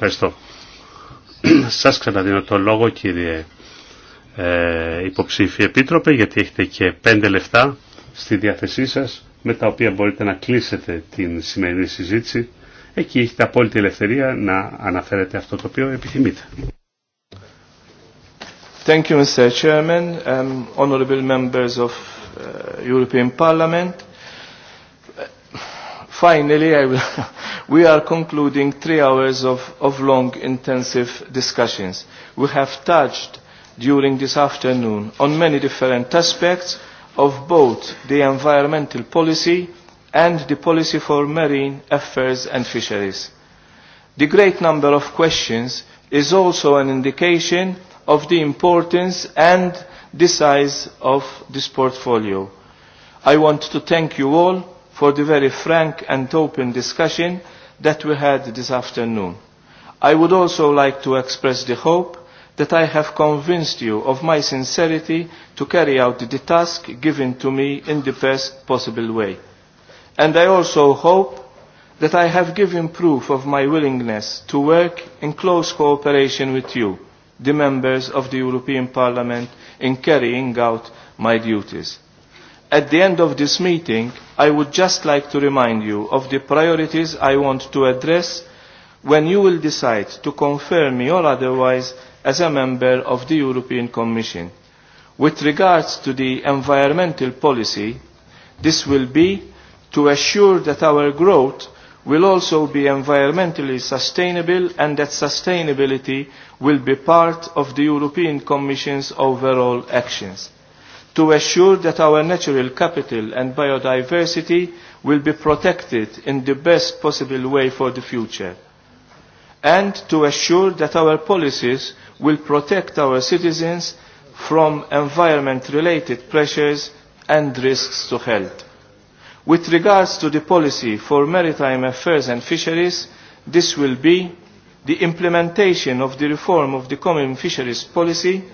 Ευχαριστώ. Σας ξαναδίνω το λόγο κύριε ε, υποψήφιοι επίτροπε γιατί έχετε και πέντε λεφτά στη διάθεσή σας με τα οποία μπορείτε να κλείσετε την σημερινή συζήτηση. Εκεί έχετε απόλυτη ελευθερία να αναφέρετε αυτό το οποίο επιθυμείτε. Thank you, Mr. Chairman, um, honorable members of uh, European Parliament. Finally, we are concluding three hours of long, intensive discussions. We have touched during this afternoon on many different aspects of both the environmental policy and the policy for marine affairs and fisheries. The great number of questions is also an indication of the importance and the size of this portfolio. I want to thank you all for the very frank and open discussion that we had this afternoon. I would also like to express the hope that I have convinced you of my sincerity to carry out the task given to me in the best possible way. And I also hope that I have given proof of my willingness to work in close cooperation with you, the members of the European Parliament, in carrying out my duties. At the end of this meeting, I would just like to remind you of the priorities I want to address when you will decide to confirm me or otherwise as a member of the European Commission. With regards to the environmental policy, this will be to assure that our growth will also be environmentally sustainable and that sustainability will be part of the European Commission's overall actions to assure that our natural capital and biodiversity will be protected in the best possible way for the future, and to assure that our policies will protect our citizens from environment-related pressures and risks to health. With regards to the policy for maritime affairs and fisheries, this will be the implementation of the reform of the common fisheries policy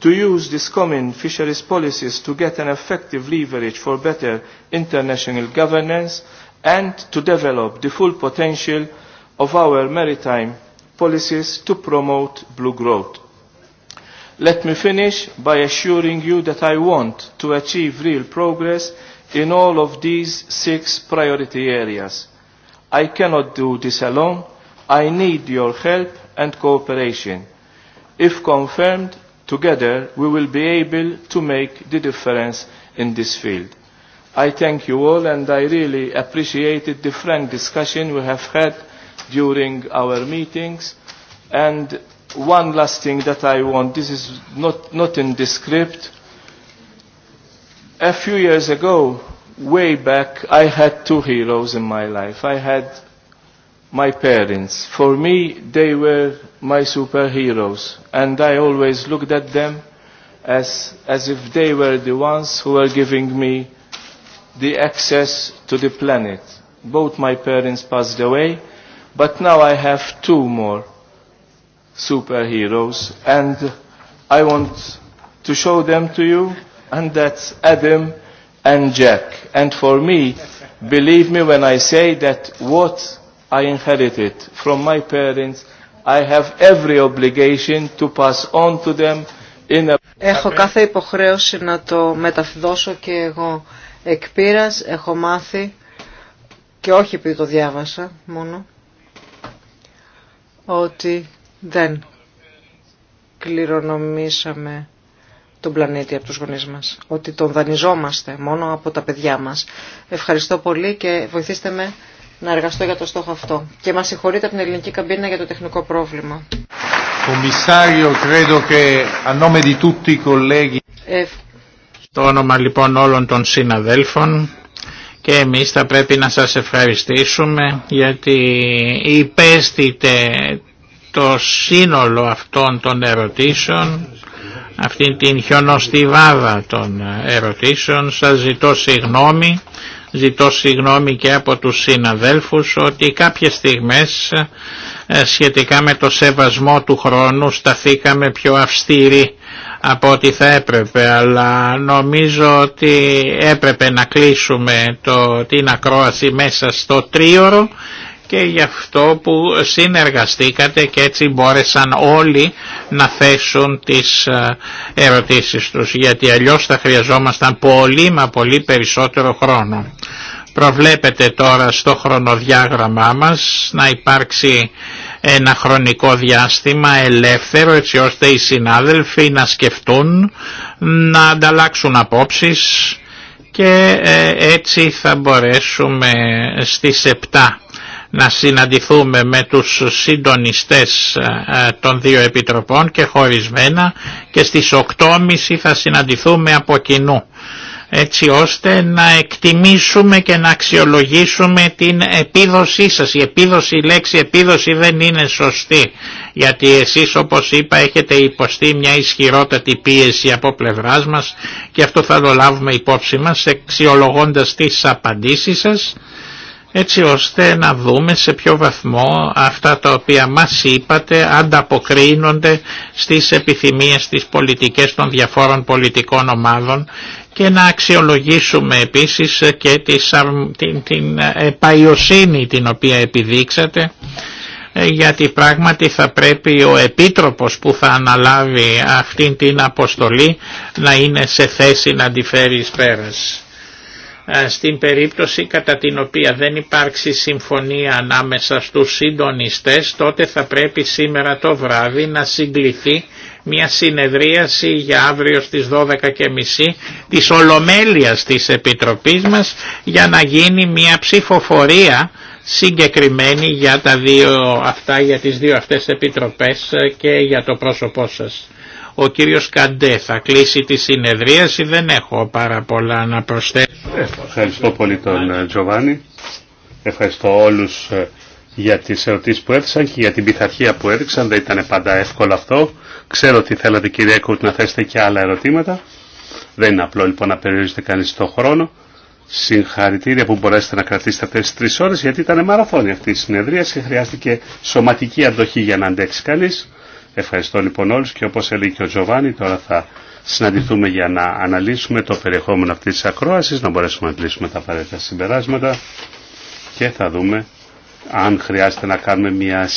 to use these common fisheries policies to get an effective leverage for better international governance and to develop the full potential of our maritime policies to promote blue growth. Let me finish by assuring you that I want to achieve real progress in all of these six priority areas. I cannot do this alone. I need your help and cooperation. If confirmed, Together we will be able to make the difference in this field. I thank you all and I really appreciated the frank discussion we have had during our meetings. And one last thing that I want, this is not, not in the script. A few years ago, way back, I had two heroes in my life. I had my parents. For me, they were my superheroes, and I always looked at them as, as if they were the ones who were giving me the access to the planet. Both my parents passed away, but now I have two more superheroes, and I want to show them to you, and that's Adam and Jack. And for me, believe me when I say that what from my I every obligation to pass on to them Έχω κάθε υποχρέωση να το μεταφυδώσω και εγώ εκ έχω μάθει και όχι επειδή το διάβασα μόνο ότι δεν κληρονομήσαμε τον πλανήτη από τους γονείς μας, ότι τον δανειζόμαστε μόνο από τα παιδιά μας. Ευχαριστώ πολύ και βοηθήστε με να εργαστώ για το στόχο αυτό. Και μας συγχωρείτε από την ελληνική καμπίνα για το τεχνικό πρόβλημα. Στο ε, όνομα λοιπόν όλων των συναδέλφων και εμείς θα πρέπει να σας ευχαριστήσουμε γιατί υπέστητε το σύνολο αυτών των ερωτήσεων αυτήν την χιονοστιβάδα των ερωτήσεων σας ζητώ συγγνώμη Ζητώ συγγνώμη και από τους συναδέλφους ότι κάποιες στιγμές ε, σχετικά με το σεβασμό του χρόνου σταθήκαμε πιο αυστηροί από ό,τι θα έπρεπε, αλλά νομίζω ότι έπρεπε να κλείσουμε το, την ακρόαση μέσα στο τρίωρο και γι' αυτό που συνεργαστήκατε και έτσι μπόρεσαν όλοι να θέσουν τις ε, ερωτήσεις τους γιατί αλλιώς θα χρειαζόμασταν πολύ μα πολύ περισσότερο χρόνο. Προβλέπετε τώρα στο χρονοδιάγραμμά μας να υπάρξει ένα χρονικό διάστημα ελεύθερο έτσι ώστε οι συνάδελφοι να σκεφτούν, να ανταλλάξουν απόψεις και ε, έτσι θα μπορέσουμε στις 7 να συναντηθούμε με τους συντονιστές ε, ε, των δύο επιτροπών και χωρισμένα και στις 8.30 θα συναντηθούμε από κοινού έτσι ώστε να εκτιμήσουμε και να αξιολογήσουμε την επίδοσή σας. Η επίδοση, λέξη επίδοση δεν είναι σωστή, γιατί εσείς όπως είπα έχετε υποστεί μια ισχυρότατη πίεση από πλευράς μας και αυτό θα το λάβουμε υπόψη μας αξιολογώντας τις απαντήσεις σας έτσι ώστε να δούμε σε ποιο βαθμό αυτά τα οποία μας είπατε ανταποκρίνονται στις επιθυμίες, της πολιτικές των διαφόρων πολιτικών ομάδων και να αξιολογήσουμε επίσης και την, την επαϊοσύνη την οποία επιδείξατε ε, γιατί πράγματι θα πρέπει ο επίτροπος που θα αναλάβει αυτήν την αποστολή να είναι σε θέση να τη φέρει ε, στην περίπτωση κατά την οποία δεν υπάρξει συμφωνία ανάμεσα στους συντονιστές, τότε θα πρέπει σήμερα το βράδυ να συγκληθεί μια συνεδρίαση για αύριο στις 12.30 της Ολομέλειας της Επιτροπής μας για να γίνει μια ψηφοφορία συγκεκριμένη για τα δύο αυτά, για τις δύο αυτές επιτροπές ε, και για το πρόσωπό σας. Ο κύριος Καντέ θα κλείσει τη συνεδρίαση, δεν έχω πάρα πολλά να προσθέσω. Ευχαριστώ πολύ τον ε, Τζοβάνι. Ευχαριστώ όλους ε, για τις ερωτήσεις που έθεσαν και για την πειθαρχία που έδειξαν. Δεν ήταν πάντα εύκολο αυτό. Ξέρω ότι θέλατε κύριε Έκουρτ να θέσετε και άλλα ερωτήματα. Δεν είναι απλό λοιπόν να περιορίζετε κανείς το χρόνο. Συγχαρητήρια που μπορέσετε να κρατήσετε αυτές τις τρεις ώρες γιατί ήταν μαραθώνια αυτή η συνεδρία και χρειάστηκε σωματική αντοχή για να αντέξει κανείς. Ευχαριστώ λοιπόν όλους και όπως έλεγε και ο Τζοβάνι τώρα θα συναντηθούμε για να αναλύσουμε το περιεχόμενο αυτής της ακρόασης, να μπορέσουμε να κλείσουμε τα απαραίτητα συμπεράσματα και θα δούμε αν χρειάζεται να κάνουμε μια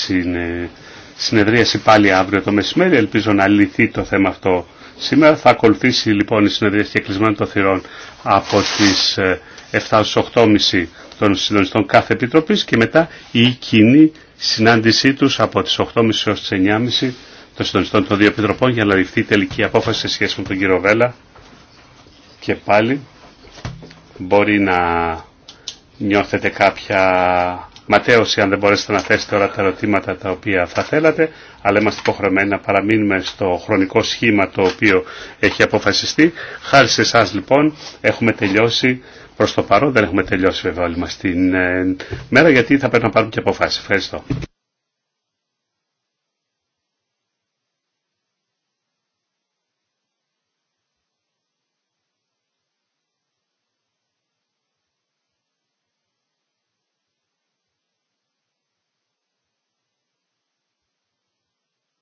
συνεδρίαση πάλι αύριο το μεσημέρι. Ελπίζω να λυθεί το θέμα αυτό σήμερα. Θα ακολουθήσει λοιπόν η συνεδρίαση και κλεισμένο των θυρών από τις 7 ε, 8.30 των συντονιστών κάθε επιτροπής και μετά η κοινή συνάντησή τους από τις 8.30 ως τις 9.30 των συντονιστών των δύο επιτροπών για να ληφθεί η τελική απόφαση σε σχέση με τον κύριο Βέλα και πάλι μπορεί να νιώθετε κάποια ματέωση αν δεν μπορέσετε να θέσετε όλα τα ερωτήματα τα οποία θα θέλατε, αλλά είμαστε υποχρεωμένοι να παραμείνουμε στο χρονικό σχήμα το οποίο έχει αποφασιστεί. Χάρη σε εσά λοιπόν έχουμε τελειώσει προς το παρόν, δεν έχουμε τελειώσει βέβαια όλοι μας την ε, μέρα γιατί θα πρέπει να πάρουμε και αποφάσεις. Ευχαριστώ.